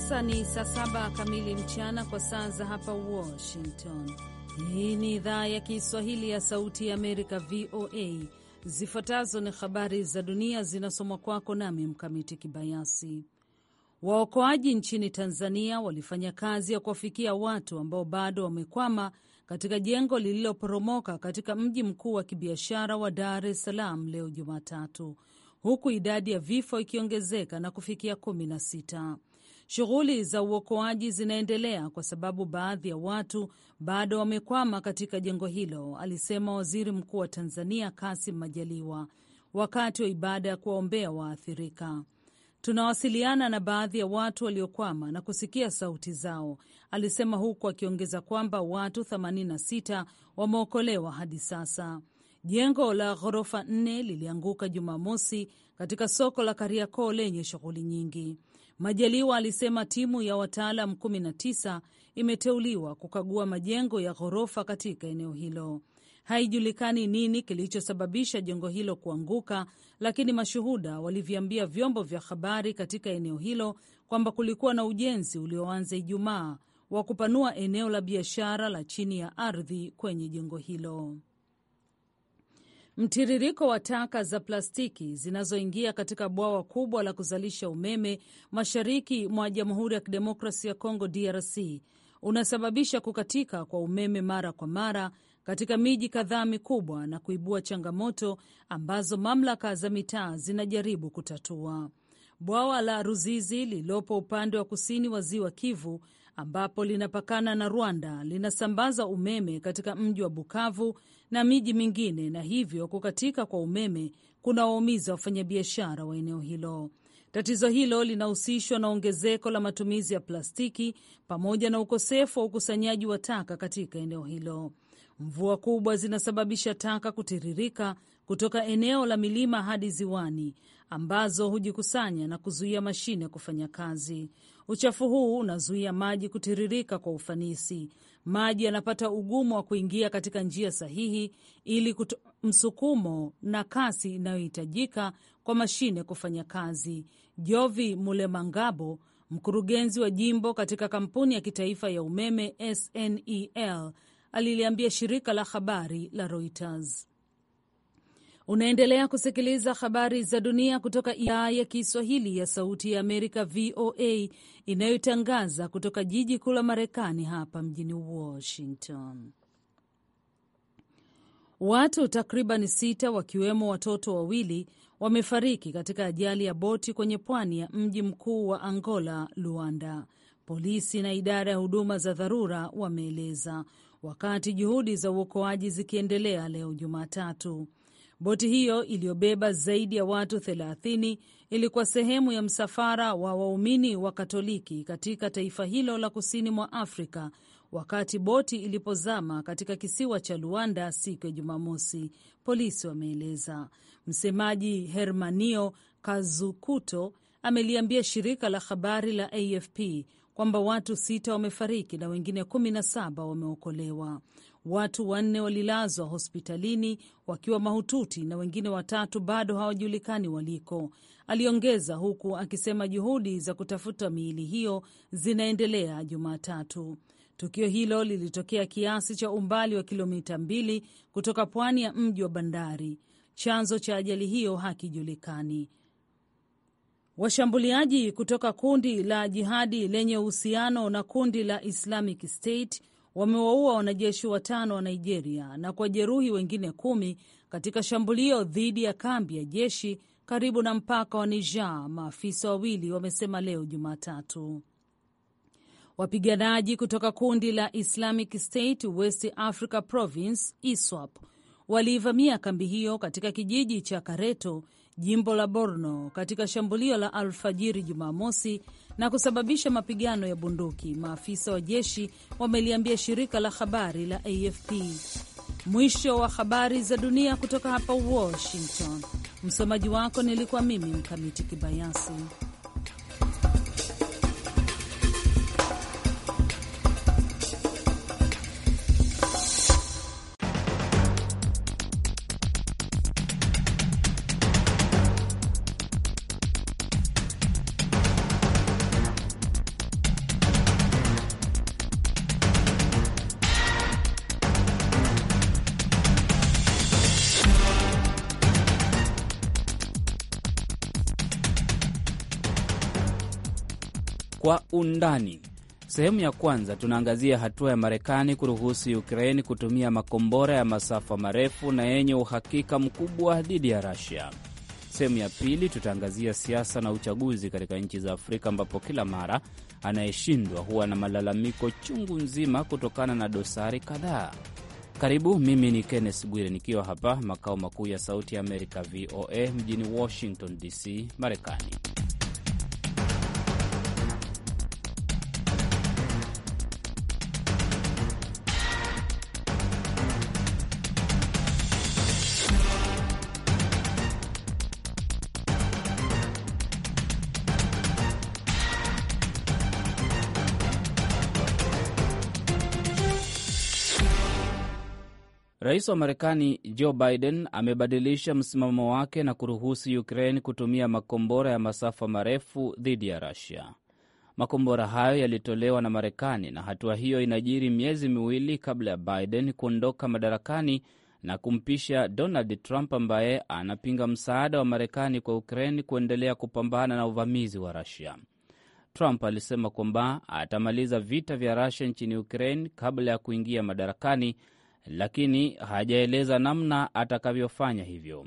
sasa ni saa saba kamili mchana kwa saa za hapa Washington. Hii ni idhaa ya Kiswahili ya Sauti ya Amerika, VOA. Zifuatazo ni habari za dunia zinasomwa kwako nami Mkamiti Kibayasi. Waokoaji nchini Tanzania walifanya kazi ya kuwafikia watu ambao bado wamekwama katika jengo lililoporomoka katika mji mkuu wa kibiashara wa Dar es Salaam leo Jumatatu, huku idadi ya vifo ikiongezeka na kufikia kumi na sita. Shughuli za uokoaji zinaendelea kwa sababu baadhi ya watu bado wamekwama katika jengo hilo, alisema Waziri Mkuu wa Tanzania Kassim Majaliwa wakati wa ibada ya kuwaombea waathirika. Tunawasiliana na baadhi ya watu waliokwama na kusikia sauti zao, alisema huku akiongeza kwamba watu 86 wameokolewa hadi sasa. Jengo la ghorofa nne lilianguka Jumamosi katika soko la Kariakoo lenye shughuli nyingi. Majaliwa alisema timu ya wataalam 19 imeteuliwa kukagua majengo ya ghorofa katika eneo hilo. Haijulikani nini kilichosababisha jengo hilo kuanguka, lakini mashuhuda waliviambia vyombo vya habari katika eneo hilo kwamba kulikuwa na ujenzi ulioanza Ijumaa wa kupanua eneo la biashara la chini ya ardhi kwenye jengo hilo. Mtiririko wa taka za plastiki zinazoingia katika bwawa kubwa la kuzalisha umeme mashariki mwa Jamhuri ya Kidemokrasi ya Kongo DRC unasababisha kukatika kwa umeme mara kwa mara katika miji kadhaa mikubwa na kuibua changamoto ambazo mamlaka za mitaa zinajaribu kutatua. Bwawa la Ruzizi lililopo upande wa kusini wa Ziwa Kivu ambapo linapakana na Rwanda linasambaza umeme katika mji wa Bukavu na miji mingine, na hivyo kukatika kwa umeme kunawaumiza wafanyabiashara wa eneo hilo. Tatizo hilo linahusishwa na ongezeko la matumizi ya plastiki pamoja na ukosefu wa ukusanyaji wa taka katika eneo hilo. Mvua kubwa zinasababisha taka kutiririka kutoka eneo la milima hadi ziwani ambazo hujikusanya na kuzuia mashine kufanya kazi. Uchafu huu unazuia maji kutiririka kwa ufanisi, maji yanapata ugumu wa kuingia katika njia sahihi ili kuto msukumo na kasi inayohitajika kwa mashine kufanya kazi. Jovi Mulemangabo, mkurugenzi wa jimbo katika kampuni ya kitaifa ya umeme SNEL, aliliambia shirika la habari la Reuters. Unaendelea kusikiliza habari za dunia kutoka idhaa ya Kiswahili ya Sauti ya Amerika, VOA, inayotangaza kutoka jiji kuu la Marekani, hapa mjini Washington. Watu takriban sita wakiwemo watoto wawili wamefariki katika ajali ya boti kwenye pwani ya mji mkuu wa Angola, Luanda, polisi na idara ya huduma za dharura wameeleza, wakati juhudi za uokoaji zikiendelea leo Jumatatu. Boti hiyo iliyobeba zaidi ya watu 30 ilikuwa sehemu ya msafara wa waumini wa Katoliki katika taifa hilo la kusini mwa Afrika wakati boti ilipozama katika kisiwa cha Luanda siku ya Jumamosi, polisi wameeleza. Msemaji Hermanio Kazukuto ameliambia shirika la habari la AFP kwamba watu sita wamefariki na wengine kumi na saba wameokolewa. Watu wanne walilazwa hospitalini wakiwa mahututi na wengine watatu bado hawajulikani waliko, aliongeza, huku akisema juhudi za kutafuta miili hiyo zinaendelea Jumatatu. Tukio hilo lilitokea kiasi cha umbali wa kilomita mbili kutoka pwani ya mji wa bandari. Chanzo cha ajali hiyo hakijulikani. Washambuliaji kutoka kundi la jihadi lenye uhusiano na kundi la Islamic State wamewaua wanajeshi watano wa Nigeria na jeruhi wengine kumi katika shambulio dhidi ya kambi ya jeshi karibu na mpaka wa Niger, maafisa wawili wamesema leo Jumatatu. Wapiganaji kutoka kundi la Islamic State West Africa Province ISWAP waliivamia kambi hiyo katika kijiji cha Kareto jimbo la Borno katika shambulio la alfajiri Jumamosi na kusababisha mapigano ya bunduki, maafisa wa jeshi wameliambia shirika la habari la AFP. Mwisho wa habari za dunia kutoka hapa Washington. Msomaji wako nilikuwa mimi Mkamiti Kibayasi. kwa undani. Sehemu ya kwanza tunaangazia hatua ya Marekani kuruhusu Ukraini kutumia makombora ya masafa marefu na yenye uhakika mkubwa dhidi ya Rusia. Sehemu ya pili tutaangazia siasa na uchaguzi katika nchi za Afrika ambapo kila mara anayeshindwa huwa na malalamiko chungu nzima kutokana na dosari kadhaa. Karibu, mimi ni Kenneth Bwire nikiwa hapa makao makuu ya Sauti ya Amerika, VOA, mjini Washington DC, Marekani. Rais wa Marekani Joe Biden amebadilisha msimamo wake na kuruhusu Ukraine kutumia makombora ya masafa marefu dhidi ya Rusia. Makombora hayo yalitolewa na Marekani, na hatua hiyo inajiri miezi miwili kabla ya Biden kuondoka madarakani na kumpisha Donald Trump ambaye anapinga msaada wa Marekani kwa Ukraine kuendelea kupambana na uvamizi wa Rusia. Trump alisema kwamba atamaliza vita vya Rusia nchini Ukraine kabla ya kuingia madarakani lakini hajaeleza namna atakavyofanya hivyo.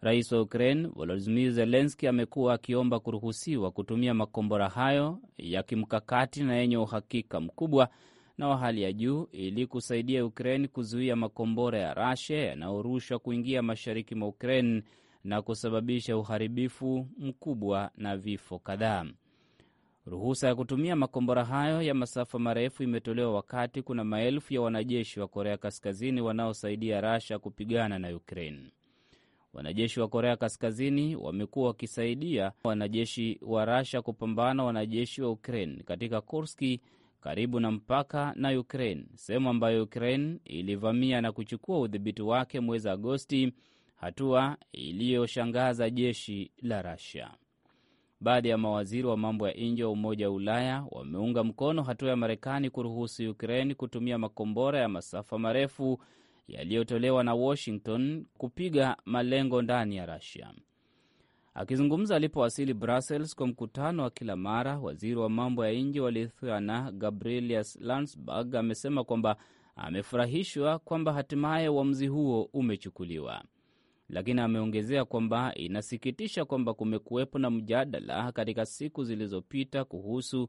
Rais wa Ukraine Volodymyr Zelenski amekuwa akiomba kuruhusiwa kutumia makombora hayo ya kimkakati na yenye uhakika mkubwa na wa hali ya juu ili kusaidia Ukraine kuzuia makombora ya Russia yanayorushwa kuingia mashariki mwa Ukraine na kusababisha uharibifu mkubwa na vifo kadhaa. Ruhusa ya kutumia makombora hayo ya masafa marefu imetolewa wakati kuna maelfu ya wanajeshi wa Korea Kaskazini wanaosaidia Rasha kupigana na Ukraine. Wanajeshi wa Korea Kaskazini wamekuwa wakisaidia wanajeshi wa Rasha kupambana wanajeshi wa Ukraine katika Kurski karibu na mpaka na Ukraine, sehemu ambayo Ukraine ilivamia na kuchukua udhibiti wake mwezi Agosti, hatua iliyoshangaza jeshi la Russia. Baadhi ya mawaziri wa mambo ya nje wa Umoja wa Ulaya wameunga mkono hatua ya Marekani kuruhusu Ukraine kutumia makombora ya masafa marefu yaliyotolewa na Washington kupiga malengo ndani ya Rusia. Akizungumza alipowasili Brussels kwa mkutano wa kila mara, waziri wa mambo ya nje wa Lithuania Gabrielius Landsbergis amesema kwamba amefurahishwa kwamba hatimaye uamuzi huo umechukuliwa lakini ameongezea kwamba inasikitisha kwamba kumekuwepo na mjadala katika siku zilizopita kuhusu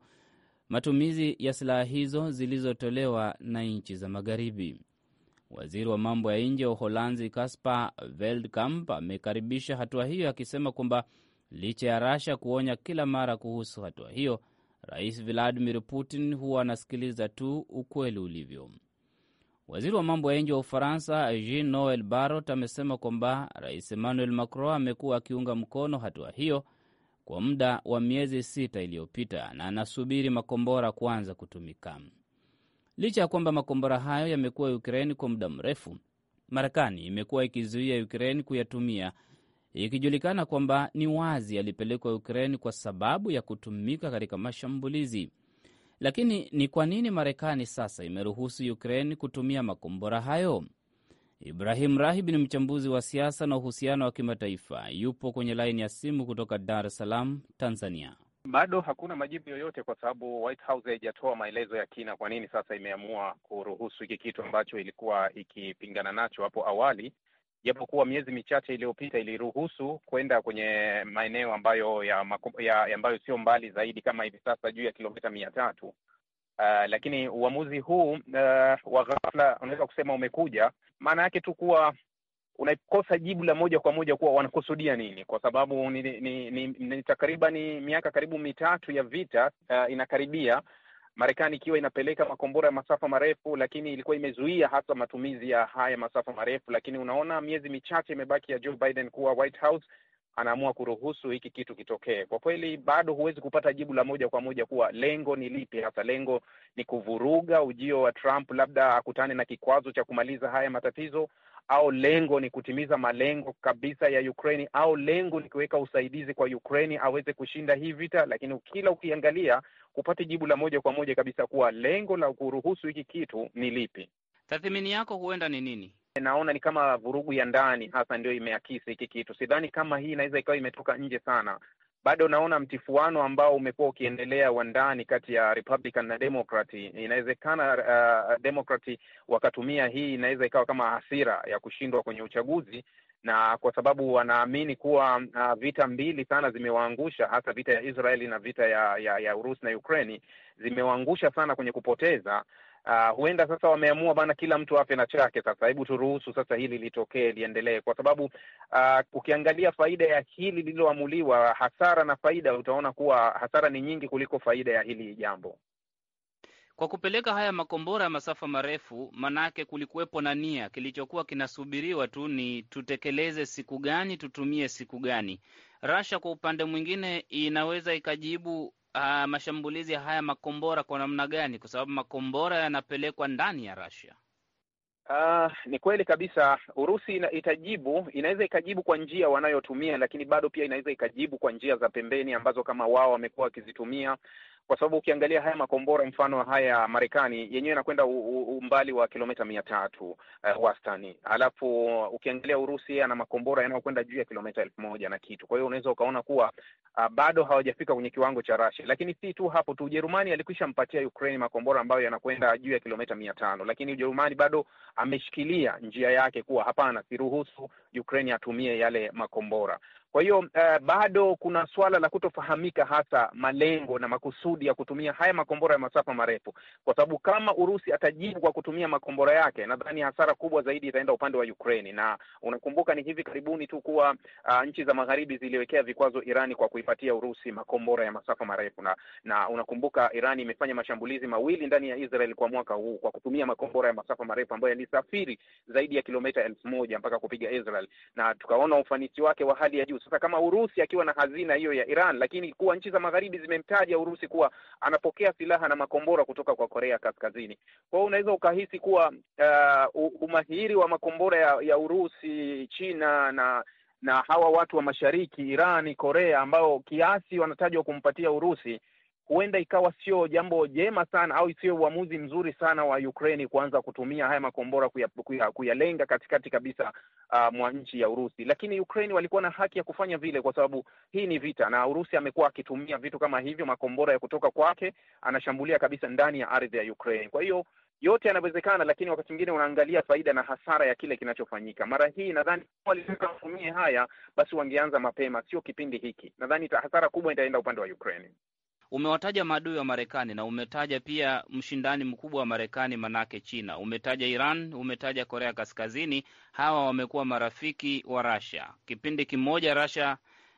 matumizi ya silaha hizo zilizotolewa na nchi za Magharibi. Waziri wa mambo ya nje wa Uholanzi Caspar Veldkamp amekaribisha hatua hiyo akisema kwamba licha ya Rasha kuonya kila mara kuhusu hatua hiyo, Rais Vladimir Putin huwa anasikiliza tu ukweli ulivyo. Waziri wa mambo ya nje wa Ufaransa Jean Noel Barrot amesema kwamba Rais Emmanuel Macron amekuwa akiunga mkono hatua hiyo kwa muda wa miezi sita iliyopita na anasubiri makombora kuanza kutumika. Licha ya kwamba makombora hayo yamekuwa Ukraini kwa muda mrefu, Marekani imekuwa ikizuia Ukraini kuyatumia, ikijulikana kwamba ni wazi yalipelekwa Ukraini kwa sababu ya kutumika katika mashambulizi. Lakini ni kwa nini Marekani sasa imeruhusu Ukraine kutumia makombora hayo? Ibrahim Rahib ni mchambuzi wa siasa na uhusiano wa kimataifa, yupo kwenye laini ya simu kutoka Dar es Salaam, Tanzania. Bado hakuna majibu yoyote kwa sababu White House haijatoa maelezo ya kina, kwa nini sasa imeamua kuruhusu hiki kitu ambacho ilikuwa ikipingana nacho hapo awali, japokuwa miezi michache iliyopita iliruhusu kwenda kwenye maeneo ambayo ya, ya ambayo sio mbali zaidi kama hivi sasa juu ya kilomita mia tatu uh, lakini uamuzi huu uh, wa ghafla unaweza kusema umekuja maana yake tu kuwa unakosa jibu la moja kwa moja kuwa wanakusudia nini, kwa sababu ni, ni, ni, ni, ni takriban miaka karibu mitatu ya vita uh, inakaribia Marekani ikiwa inapeleka makombora ya masafa marefu, lakini ilikuwa imezuia hasa matumizi ya haya masafa marefu. Lakini unaona miezi michache imebaki ya Joe Biden kuwa White House, anaamua kuruhusu hiki kitu kitokee. Kwa kweli, bado huwezi kupata jibu la moja kwa moja kuwa lengo ni lipi hasa. Lengo ni kuvuruga ujio wa Trump, labda akutane na kikwazo cha kumaliza haya matatizo, au lengo ni kutimiza malengo kabisa ya Ukraini, au lengo ni kuweka usaidizi kwa Ukraini aweze kushinda hii vita. Lakini kila ukiangalia kupata jibu la moja kwa moja kabisa kuwa lengo la kuruhusu hiki kitu ni lipi. Tathmini yako huenda ni nini? Naona ni kama vurugu ya ndani hasa ndio imeakisi hiki kitu. Sidhani kama hii inaweza ikawa imetoka nje sana. Bado naona mtifuano ambao umekuwa ukiendelea wa ndani kati ya Republican na demokrati Inawezekana uh, Demokrati wakatumia hii, inaweza ikawa kama hasira ya kushindwa kwenye uchaguzi na kwa sababu wanaamini kuwa uh, vita mbili sana zimewaangusha, hasa vita ya Israeli na vita ya, ya, ya Urusi na Ukraini zimewaangusha sana kwenye kupoteza. Uh, huenda sasa wameamua bana, kila mtu afe na chake. Sasa hebu turuhusu sasa hili litokee, liendelee, kwa sababu uh, ukiangalia faida ya hili lililoamuliwa, hasara na faida, utaona kuwa hasara ni nyingi kuliko faida ya hili jambo kwa kupeleka haya makombora ya masafa marefu, manake kulikuwepo na nia. Kilichokuwa kinasubiriwa tu ni tutekeleze siku gani, tutumie siku gani. Russia kwa upande mwingine inaweza ikajibu uh, mashambulizi ya haya makombora kwa namna gani, kwa sababu makombora yanapelekwa ndani ya Russia. Uh, ni kweli kabisa. Urusi ina, itajibu inaweza ikajibu kwa njia wanayotumia, lakini bado pia inaweza ikajibu kwa njia za pembeni ambazo kama wao wamekuwa wakizitumia kwa sababu ukiangalia haya makombora mfano haya Marekani yenyewe yanakwenda umbali wa kilomita mia tatu uh, wastani, alafu ukiangalia Urusi ana makombora yanayokwenda juu ya kilomita elfu moja na kitu. Kwa hiyo unaweza ukaona kuwa uh, bado hawajafika kwenye kiwango cha Rasia, lakini si tu hapo tu. Ujerumani alikwisha mpatia Ukraine makombora ambayo yanakwenda juu ya kilomita mia tano, lakini Ujerumani bado ameshikilia njia yake kuwa hapana, siruhusu Ukraine atumie yale makombora. Kwa hiyo uh, bado kuna swala la kutofahamika hasa malengo na makusudi ya kutumia haya makombora ya masafa marefu, kwa sababu kama Urusi atajibu kwa kutumia makombora yake, nadhani hasara kubwa zaidi itaenda upande wa Ukraine. Na unakumbuka ni hivi karibuni tu kuwa uh, nchi za magharibi ziliwekea vikwazo Irani kwa kuipatia Urusi makombora ya masafa marefu, na na unakumbuka Irani imefanya mashambulizi mawili ndani ya Israel kwa mwaka huu kwa kutumia makombora ya masafa marefu ambayo yalisafiri zaidi ya kilomita elfu moja mpaka kupiga Israel, na tukaona ufanisi wake wa hali ya juu. Sasa kama Urusi akiwa na hazina hiyo ya Iran, lakini kuwa nchi za magharibi zimemtaja Urusi kuwa anapokea silaha na makombora kutoka kwa Korea Kaskazini. Kwa hiyo unaweza ukahisi kuwa uh, umahiri wa makombora ya, ya Urusi, China na na hawa watu wa mashariki Irani, Korea ambao kiasi wanatajwa kumpatia Urusi huenda ikawa sio jambo jema sana au sio uamuzi mzuri sana wa Ukraine kuanza kutumia haya makombora kuyalenga kuya, kuya katikati kabisa uh, mwa nchi ya Urusi. Lakini Ukraine walikuwa na haki ya kufanya vile, kwa sababu hii ni vita, na Urusi amekuwa akitumia vitu kama hivyo, makombora ya kutoka kwake, anashambulia kabisa ndani ya ardhi ya Ukraine. Kwa hiyo yote yanawezekana, lakini wakati mwingine unaangalia faida na hasara ya kile kinachofanyika. Mara hii nadhani walitaka watumie haya, basi wangeanza mapema, sio kipindi hiki. Nadhani hasara kubwa itaenda upande wa Ukraine. Umewataja maadui wa Marekani na umetaja pia mshindani mkubwa wa Marekani manake China, umetaja Iran, umetaja Korea Kaskazini. Hawa wamekuwa marafiki wa rasia Kipindi kimoja Rasia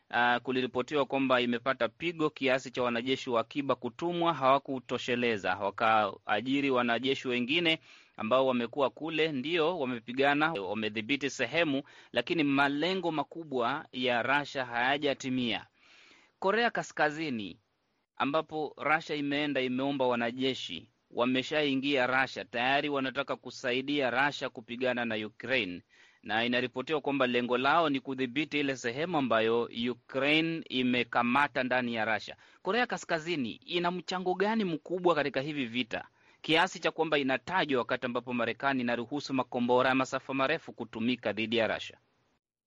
Uh, kuliripotiwa kwamba imepata pigo kiasi cha wanajeshi wa akiba kutumwa, hawakutosheleza wakaajiri wanajeshi wengine ambao wamekuwa kule, ndio wamepigana, wamedhibiti sehemu, lakini malengo makubwa ya rasha hayajatimia. Korea Kaskazini ambapo Rasha imeenda imeomba wanajeshi, wameshaingia Rasha tayari, wanataka kusaidia Rasha kupigana na Ukraine na inaripotiwa kwamba lengo lao ni kudhibiti ile sehemu ambayo Ukraine imekamata ndani ya Russia. Korea Kaskazini ina mchango gani mkubwa katika hivi vita kiasi cha kwamba inatajwa wakati ambapo Marekani inaruhusu makombora ya masafa marefu kutumika dhidi ya Russia?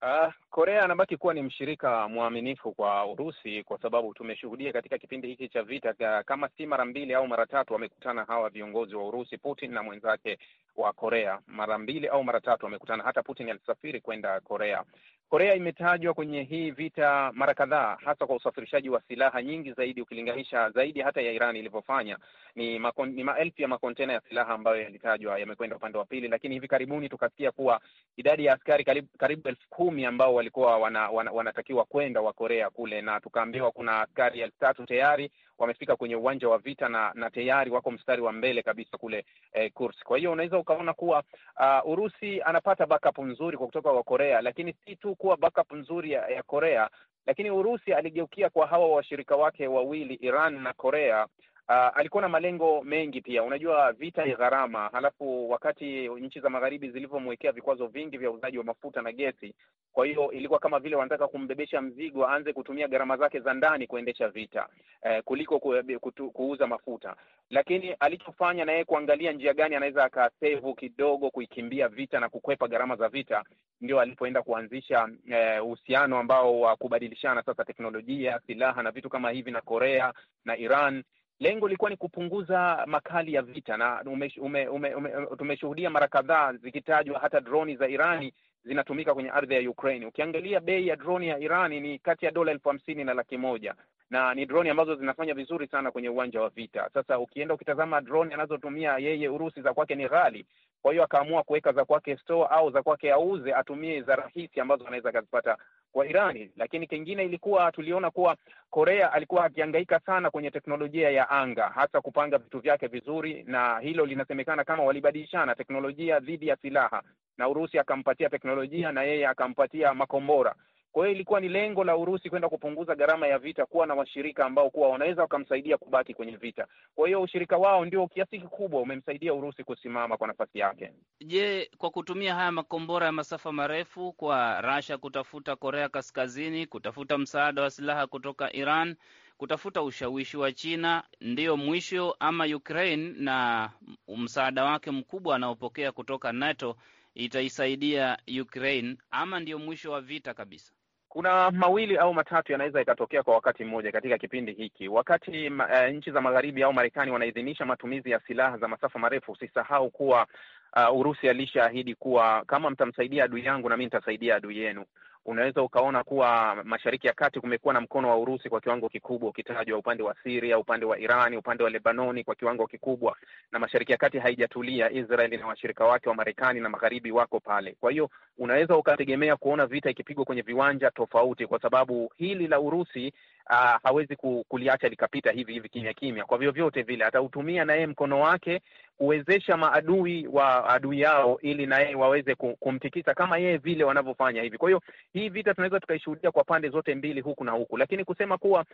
Uh, Korea anabaki kuwa ni mshirika mwaminifu kwa Urusi kwa sababu tumeshuhudia katika kipindi hiki cha vita kama si mara mbili au mara tatu wamekutana hawa viongozi wa Urusi, Putin na mwenzake wa Korea, mara mbili au mara tatu wamekutana. Hata Putin alisafiri kwenda Korea Korea imetajwa kwenye hii vita mara kadhaa, hasa kwa usafirishaji wa silaha nyingi zaidi, ukilinganisha zaidi hata ya Iran ilivyofanya. Ni, ni maelfu ya makontena ya silaha ambayo yalitajwa yamekwenda upande wa pili, lakini hivi karibuni tukasikia kuwa idadi ya askari karibu, karibu elfu kumi ambao walikuwa wana, wana, wanatakiwa kwenda wa Korea kule, na tukaambiwa kuna askari elfu tatu tayari wamefika kwenye uwanja wa vita na, na tayari wako mstari wa mbele kabisa kule eh, Kursk. Kwa hiyo unaweza ukaona kuwa uh, Urusi anapata backup nzuri kwa kutoka kwa Korea, lakini si tu kuwa backup nzuri ya, ya Korea, lakini Urusi aligeukia kwa hawa washirika wake wawili Iran na Korea Uh, alikuwa na malengo mengi pia. Unajua vita ni gharama, halafu wakati nchi za magharibi zilivyomwekea vikwazo vingi vya uuzaji wa mafuta na gesi, kwa hiyo ilikuwa kama vile wanataka kumbebesha mzigo, aanze kutumia gharama zake za ndani kuendesha vita uh, kuliko kutu, kuuza mafuta. Lakini alichofanya na yeye kuangalia njia gani anaweza akasevu kidogo kuikimbia vita na kukwepa gharama za vita, ndio alipoenda kuanzisha eh, uhusiano ambao wa kubadilishana sasa teknolojia, silaha na vitu kama hivi na Korea na Iran lengo lilikuwa ni kupunguza makali ya vita, na tumeshuhudia mara kadhaa zikitajwa hata droni za Irani zinatumika kwenye ardhi ya Ukraine. Ukiangalia bei ya droni ya Irani ni kati ya dola elfu hamsini na laki moja na ni droni ambazo zinafanya vizuri sana kwenye uwanja wa vita. Sasa ukienda ukitazama droni anazotumia yeye Urusi za kwake ni ghali, kwa hiyo akaamua kuweka za kwake store au za kwake auze, atumie za rahisi ambazo anaweza akazipata kwa Irani. Lakini kingine ilikuwa tuliona kuwa Korea alikuwa akiangaika sana kwenye teknolojia ya anga, hasa kupanga vitu vyake vizuri, na hilo linasemekana kama walibadilishana teknolojia dhidi ya silaha, na Urusi akampatia teknolojia na yeye akampatia makombora. Kwa hiyo ilikuwa ni lengo la Urusi kwenda kupunguza gharama ya vita, kuwa na washirika ambao kuwa wanaweza wakamsaidia kubaki kwenye vita. Kwa hiyo ushirika wao ndio kiasi kikubwa umemsaidia Urusi kusimama kwa nafasi yake. Je, kwa kutumia haya makombora ya masafa marefu kwa Russia kutafuta Korea Kaskazini, kutafuta msaada wa silaha kutoka Iran, kutafuta ushawishi wa China, ndiyo mwisho ama Ukraine na msaada wake mkubwa anaopokea kutoka NATO itaisaidia Ukraine ama ndiyo mwisho wa vita kabisa? Kuna mawili au matatu yanaweza ikatokea kwa wakati mmoja katika kipindi hiki. Wakati uh, nchi za magharibi au Marekani wanaidhinisha matumizi ya silaha za masafa marefu, usisahau kuwa uh, Urusi alishaahidi kuwa kama mtamsaidia adui yangu na mi nitasaidia adui yenu. Unaweza ukaona kuwa Mashariki ya Kati kumekuwa na mkono wa Urusi kwa kiwango kikubwa, ukitajwa upande wa Siria, upande wa Irani, upande wa Lebanoni kwa kiwango kikubwa, na Mashariki ya Kati haijatulia. Israeli na washirika wake wa Marekani na Magharibi wako pale. Kwa hiyo unaweza ukategemea kuona vita ikipigwa kwenye viwanja tofauti, kwa sababu hili la Urusi uh, hawezi kuliacha likapita hivi hivi kimya kimya. Kwa vyovyote vile atautumia na yeye mkono wake kuwezesha maadui wa adui yao, ili na yeye waweze kumtikisa kama yeye vile wanavyofanya hivi. Kwa hiyo hii vita tunaweza tukaishuhudia kwa pande zote mbili, huku na huku, lakini kusema kuwa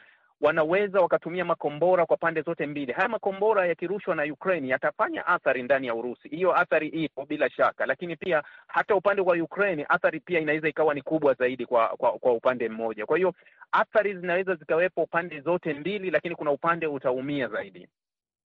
wanaweza wakatumia makombora kwa pande zote mbili. Haya makombora yakirushwa na Ukraine yatafanya athari ndani ya Urusi. Hiyo athari ipo bila shaka, lakini pia hata upande wa Ukraine athari pia inaweza ikawa ni kubwa zaidi kwa kwa, kwa upande mmoja. Kwa hiyo athari zinaweza zikawepo pande zote mbili, lakini kuna upande utaumia zaidi.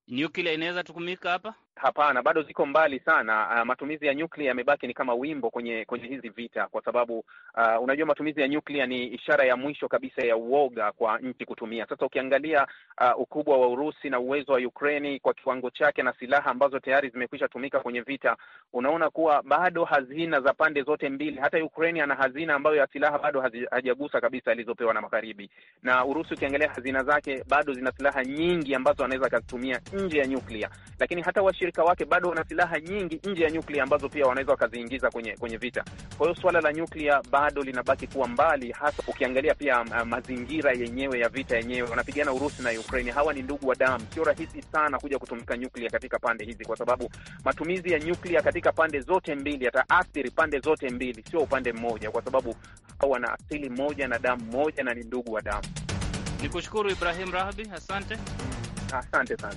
Nyuklia inaweza tukumika hapa Hapana, bado ziko mbali sana. Uh, matumizi ya nyuklia yamebaki ni kama wimbo kwenye kwenye hizi vita, kwa sababu uh, unajua matumizi ya nyuklia ni ishara ya mwisho kabisa ya uoga kwa nchi kutumia. Sasa ukiangalia uh, ukubwa wa Urusi na uwezo wa Ukraini kwa kiwango chake na silaha ambazo tayari zimekwisha tumika kwenye vita, unaona kuwa bado hazina za pande zote mbili. Hata Ukraini ana hazina ambayo ya silaha bado hajagusa kabisa alizopewa na Magharibi, na Urusi ukiangalia hazina zake bado zina silaha nyingi ambazo anaweza akazitumia nje ya nyuklia, lakini hata washi washirika wake bado wana silaha nyingi nje ya nyuklia ambazo pia wanaweza wakaziingiza kwenye kwenye vita. Kwa hiyo suala la nyuklia bado linabaki kuwa mbali, hasa ukiangalia pia um, uh, mazingira yenyewe ya vita yenyewe. Wanapigana Urusi na Ukraini, hawa ni ndugu wa damu. Sio rahisi sana kuja kutumika nyuklia katika pande hizi, kwa sababu matumizi ya nyuklia katika pande zote mbili yataathiri pande zote mbili, sio upande mmoja, kwa sababu hawa wana asili moja na damu moja na ni ndugu wa damu. kushukuru Ibrahim Rahbi, asante. Asante sana.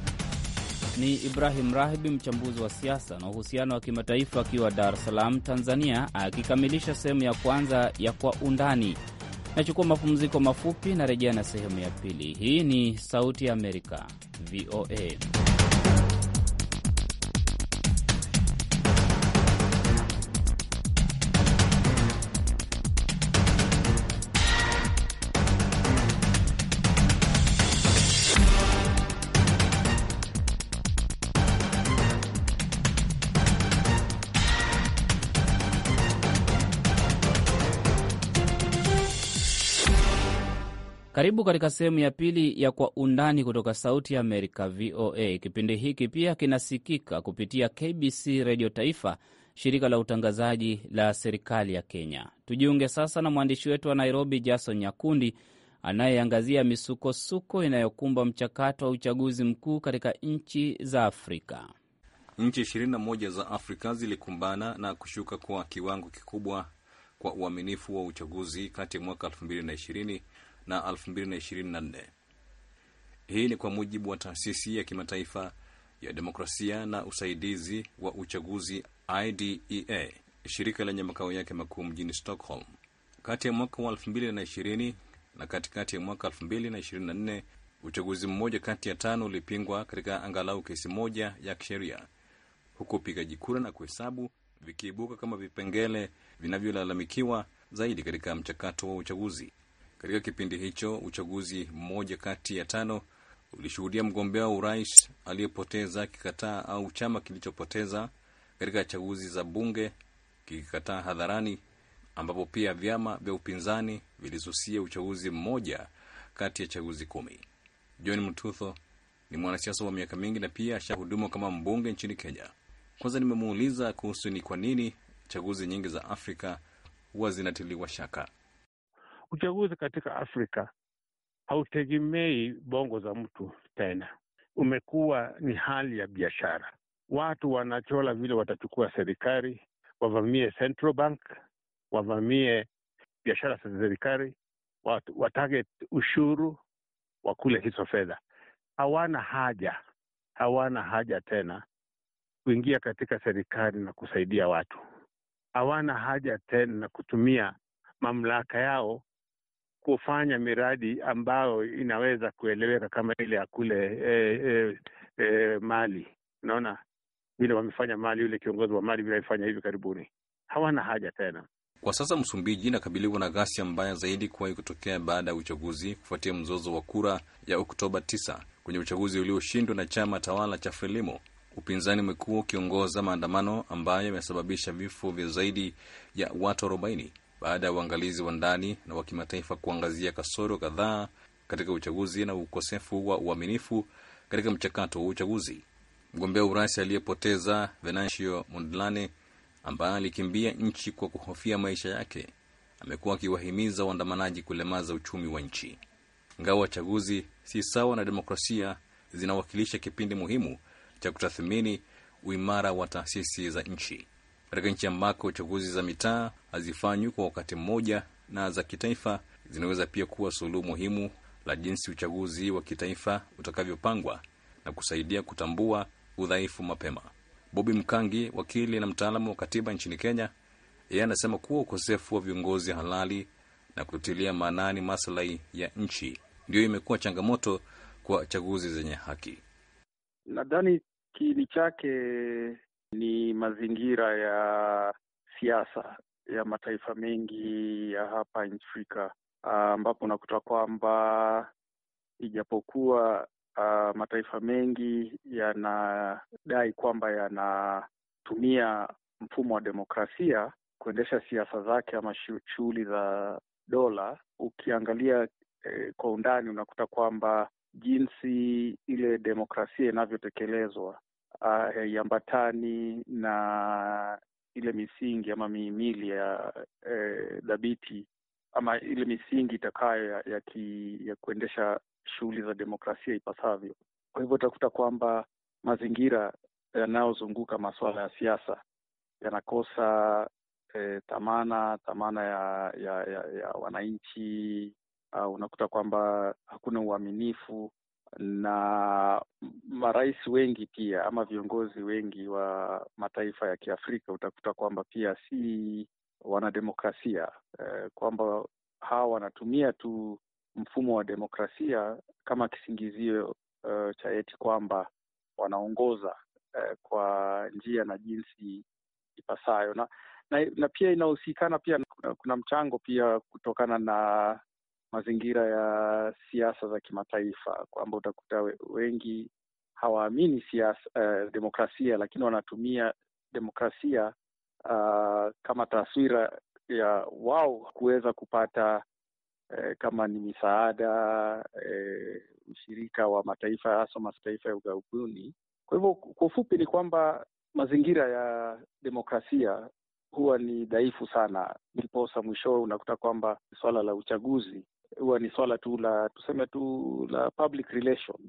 Ni Ibrahim Rahibi, mchambuzi wa siasa na uhusiano wa kimataifa, akiwa Dar es Salaam, Tanzania, akikamilisha sehemu ya kwanza ya Kwa Undani. Nachukua mapumziko mafupi na rejea na sehemu ya pili. Hii ni Sauti ya Amerika, VOA. Karibu katika sehemu ya pili ya Kwa Undani kutoka Sauti ya Amerika, VOA. Kipindi hiki pia kinasikika kupitia KBC Redio Taifa, shirika la utangazaji la serikali ya Kenya. Tujiunge sasa na mwandishi wetu wa Nairobi, Jason Nyakundi, anayeangazia misukosuko inayokumba mchakato wa uchaguzi mkuu katika nchi za Afrika. Nchi 21 za Afrika zilikumbana na kushuka kwa kiwango kikubwa kwa uaminifu wa uchaguzi kati ya mwaka 2020 na 2024. Hii ni kwa mujibu wa taasisi ya kimataifa ya demokrasia na usaidizi wa uchaguzi IDEA, shirika lenye makao yake makuu mjini Stockholm. Kati ya mwaka wa 2020 na katikati ya mwaka 2024, uchaguzi mmoja kati ya tano ulipingwa katika angalau kesi moja ya kisheria, huku upigaji kura na kuhesabu vikiibuka kama vipengele vinavyolalamikiwa zaidi katika mchakato wa uchaguzi. Katika kipindi hicho, uchaguzi mmoja kati ya tano ulishuhudia mgombea wa urais aliyepoteza kikataa au chama kilichopoteza katika chaguzi za bunge kikikataa hadharani, ambapo pia vyama vya upinzani vilisusia uchaguzi mmoja kati ya chaguzi kumi. John Mtutho ni mwanasiasa wa miaka mingi na pia ashahudumu kama mbunge nchini Kenya. Kwanza nimemuuliza kuhusu ni kwa nini chaguzi nyingi za Afrika huwa zinatiliwa shaka. Uchaguzi katika Afrika hautegemei bongo za mtu tena, umekuwa ni hali ya biashara. Watu wanachola vile watachukua serikali, wavamie Central Bank, wavamie biashara za serikali, watage ushuru wa kule hizo fedha. Hawana haja, hawana haja tena kuingia katika serikali na kusaidia watu. Hawana haja tena kutumia mamlaka yao kufanya miradi ambayo inaweza kueleweka kama ile ya kule e, e, e, Mali. Unaona vile wamefanya Mali, yule kiongozi wa Mali vile alifanya hivi karibuni, hawana haja tena. Kwa sasa Msumbiji inakabiliwa na ghasia mbaya zaidi kuwahi kutokea baada ya uchaguzi kufuatia mzozo wa kura ya Oktoba 9 kwenye uchaguzi ulioshindwa na chama tawala cha Frelimo. Upinzani umekuwa ukiongoza maandamano ambayo yamesababisha vifo vya zaidi ya watu baada ya uangalizi wa ndani na wa kimataifa kuangazia kasoro kadhaa katika uchaguzi na ukosefu wa uaminifu katika mchakato wa uchaguzi. Mgombea urais aliyepoteza Venancio Mondlane, ambaye alikimbia nchi kwa kuhofia maisha yake, amekuwa akiwahimiza waandamanaji kulemaza uchumi wa nchi. Ingawa chaguzi si sawa na demokrasia, zinawakilisha kipindi muhimu cha kutathmini uimara wa taasisi za nchi. Katika nchi ambako chaguzi za mitaa hazifanywi kwa wakati mmoja na za kitaifa, zinaweza pia kuwa suluhu muhimu la jinsi uchaguzi wa kitaifa utakavyopangwa na kusaidia kutambua udhaifu mapema. Bobi Mkangi, wakili na mtaalamu wa katiba nchini Kenya, yeye anasema kuwa ukosefu wa viongozi halali na kutilia maanani maslahi ya nchi ndiyo imekuwa changamoto kwa chaguzi zenye haki. Nadhani kiini chake ni mazingira ya siasa ya mataifa mengi ya hapa Afrika ah, ambapo unakuta kwamba ijapokuwa uh, mataifa mengi yanadai kwamba yanatumia mfumo wa demokrasia kuendesha siasa zake ama shughuli za dola, ukiangalia eh, kwa undani unakuta kwamba jinsi ile demokrasia inavyotekelezwa haiambatani uh, na ile misingi ama mihimili ya eh, dhabiti ama ile misingi itakayo ya, ya, ki, ya kuendesha shughuli za demokrasia ipasavyo. Kwa hivyo utakuta kwamba mazingira yanayozunguka masuala ya siasa yanakosa eh, thamana thamana ya, ya, ya, ya wananchi. Uh, unakuta kwamba hakuna uaminifu na marais wengi pia ama viongozi wengi wa mataifa ya Kiafrika utakuta kwamba pia si wanademokrasia eh, kwamba hawa wanatumia tu mfumo wa demokrasia kama kisingizio uh, cha eti kwamba wanaongoza uh, kwa njia na jinsi ipasayo na na, na pia inahusikana pia kuna, kuna mchango pia kutokana na mazingira ya siasa za kimataifa, kwamba utakuta wengi hawaamini siasa, uh, demokrasia lakini wanatumia demokrasia uh, kama taswira ya wao kuweza kupata uh, kama ni misaada uh, ushirika wa mataifa haso mataifa ya ughaibuni. Kwa hivyo kwa ufupi ni kwamba mazingira ya demokrasia huwa ni dhaifu sana, ndiposa mwishowe unakuta kwamba suala la uchaguzi huwa ni swala tu la tuseme tu la public relations,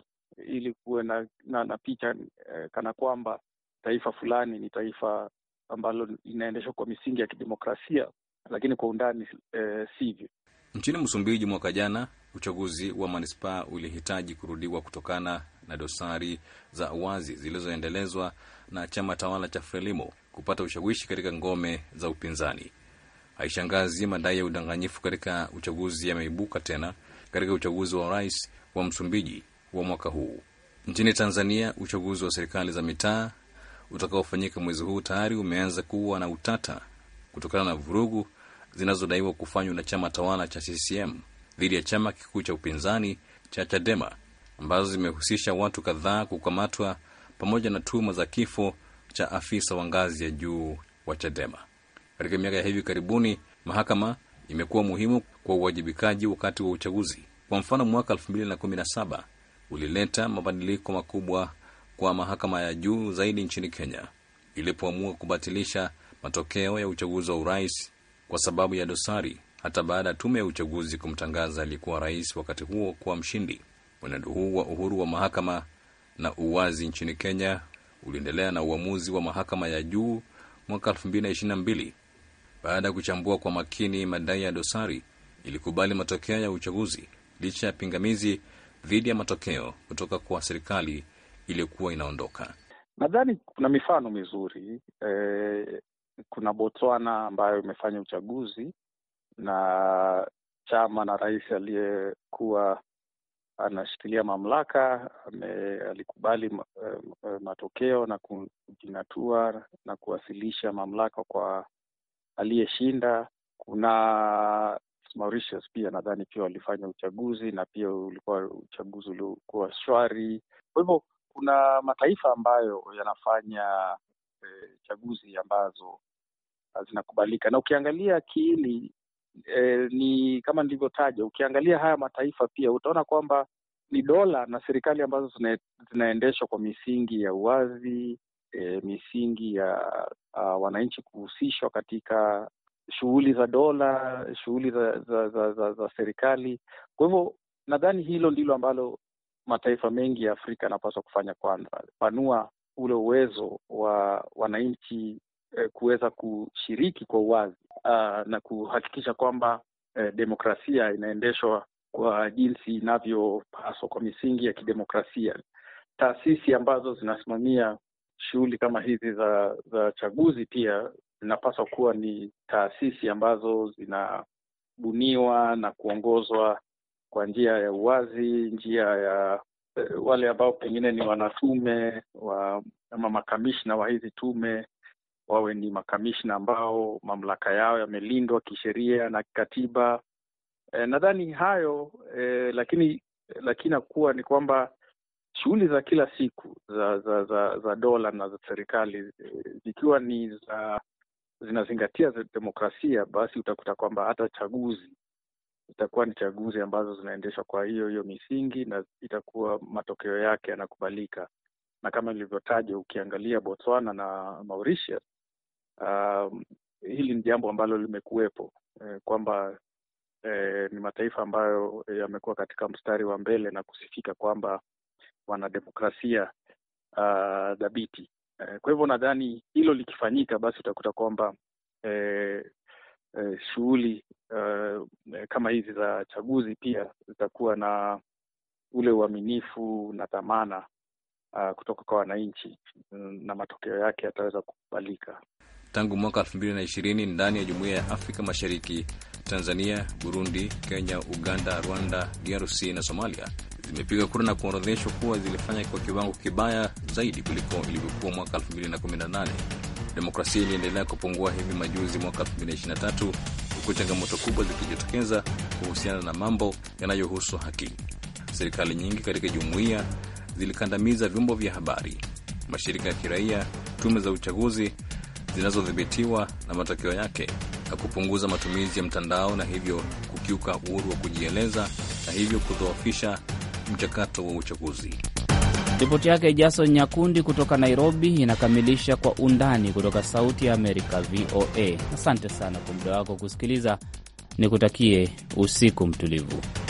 ili kuwe na, na, na picha eh, kana kwamba taifa fulani ni taifa ambalo linaendeshwa kwa misingi ya kidemokrasia, lakini kwa undani eh, sivyo. Nchini Msumbiji mwaka jana uchaguzi wa manispaa ulihitaji kurudiwa kutokana na dosari za wazi zilizoendelezwa na chama tawala cha Frelimo kupata ushawishi katika ngome za upinzani. Haishangazi, madai ya udanganyifu katika uchaguzi yameibuka tena katika uchaguzi wa rais wa Msumbiji wa mwaka huu. Nchini Tanzania, uchaguzi wa serikali za mitaa utakaofanyika mwezi huu tayari umeanza kuwa na utata kutokana na vurugu zinazodaiwa kufanywa na chama tawala cha CCM dhidi ya chama kikuu cha upinzani cha Chadema ambazo zimehusisha watu kadhaa kukamatwa pamoja na tuhuma za kifo cha afisa wa ngazi ya juu wa Chadema. Katika miaka ya hivi karibuni, mahakama imekuwa muhimu kwa uwajibikaji wakati wa uchaguzi. Kwa mfano, mwaka 2017 ulileta mabadiliko makubwa kwa mahakama ya juu zaidi nchini Kenya ilipoamua kubatilisha matokeo ya uchaguzi wa urais kwa sababu ya dosari, hata baada ya tume ya uchaguzi kumtangaza aliyekuwa rais wakati huo kuwa mshindi. Mwenendo huu wa uhuru wa mahakama na uwazi nchini Kenya uliendelea na uamuzi wa mahakama ya juu mwaka baada ya kuchambua kwa makini madai ya dosari, ilikubali matokeo ya uchaguzi licha ya pingamizi dhidi ya matokeo kutoka kwa serikali iliyokuwa inaondoka. Nadhani kuna mifano mizuri e, kuna Botswana ambayo imefanya uchaguzi na chama na rais aliyekuwa anashikilia mamlaka ame, alikubali ma, eh, matokeo na kujinatua na kuwasilisha mamlaka kwa aliyeshinda. Kuna Mauritius pia nadhani pia walifanya uchaguzi na pia ulikuwa uchaguzi uliokuwa shwari. Kwa hivyo kuna mataifa ambayo yanafanya e, chaguzi ambazo zinakubalika, na ukiangalia kiini e, ni kama nilivyotaja, ukiangalia haya mataifa pia utaona kwamba ni dola na serikali ambazo zinaendeshwa kwa misingi ya uwazi, e, misingi ya ah, wananchi kuhusishwa katika shughuli za dola, shughuli za, za, za, za, za serikali. Kwa hivyo nadhani hilo ndilo ambalo mataifa mengi ya Afrika yanapaswa kufanya kwanza, panua ule uwezo wa wananchi e, kuweza kushiriki kwa uwazi ah, na kuhakikisha kwamba e, demokrasia inaendeshwa kwa jinsi inavyopaswa kwa misingi ya kidemokrasia. Taasisi ambazo zinasimamia shughuli kama hizi za za chaguzi pia zinapaswa kuwa ni taasisi ambazo zinabuniwa na kuongozwa kwa njia ya uwazi, njia ya eh, wale ambao pengine ni wanatume wa ama makamishna wa hizi tume wawe ni makamishna ambao mamlaka yao yamelindwa kisheria na kikatiba. Eh, nadhani hayo eh, lakini lakini akuwa ni kwamba shughuli za kila siku za za za, za dola na za serikali eh, zikiwa ni za zinazingatia demokrasia, basi utakuta kwamba hata chaguzi zitakuwa ni chaguzi ambazo zinaendeshwa kwa hiyo hiyo misingi, na itakuwa matokeo yake yanakubalika. Na kama ilivyotajwa, ukiangalia Botswana na Mauritius, uh, hili ni jambo ambalo limekuwepo eh, kwamba eh, ni mataifa ambayo yamekuwa katika mstari wa mbele na kusifika kwamba wanademokrasia uh, dhabiti. Uh, kwa hivyo nadhani hilo likifanyika, basi utakuta kwamba uh, uh, shughuli uh, kama hizi za chaguzi pia zitakuwa na ule uaminifu na dhamana uh, kutoka kwa wananchi mm, na matokeo yake yataweza kukubalika. Tangu mwaka elfu mbili na ishirini ndani ya Jumuiya ya Afrika Mashariki Tanzania, Burundi, Kenya, Uganda, Rwanda, DRC na Somalia zimepiga kura na kuorodheshwa kuwa zilifanya kwa kiwango kibaya zaidi kuliko ilivyokuwa mwaka 2018. Demokrasia iliendelea kupungua hivi majuzi mwaka 2023, huku changamoto kubwa zikijitokeza kuhusiana na mambo yanayohusu haki. Serikali nyingi katika jumuiya zilikandamiza vyombo vya habari, mashirika ya kiraia, tume za uchaguzi zinazodhibitiwa na matokeo yake na kupunguza matumizi ya mtandao na hivyo kukiuka uhuru wa kujieleza na hivyo kudhoofisha mchakato wa uchaguzi. Ripoti yake Jason Nyakundi kutoka Nairobi inakamilisha Kwa Undani kutoka Sauti ya Amerika, VOA. Asante sana kwa muda wako kusikiliza, nikutakie usiku mtulivu.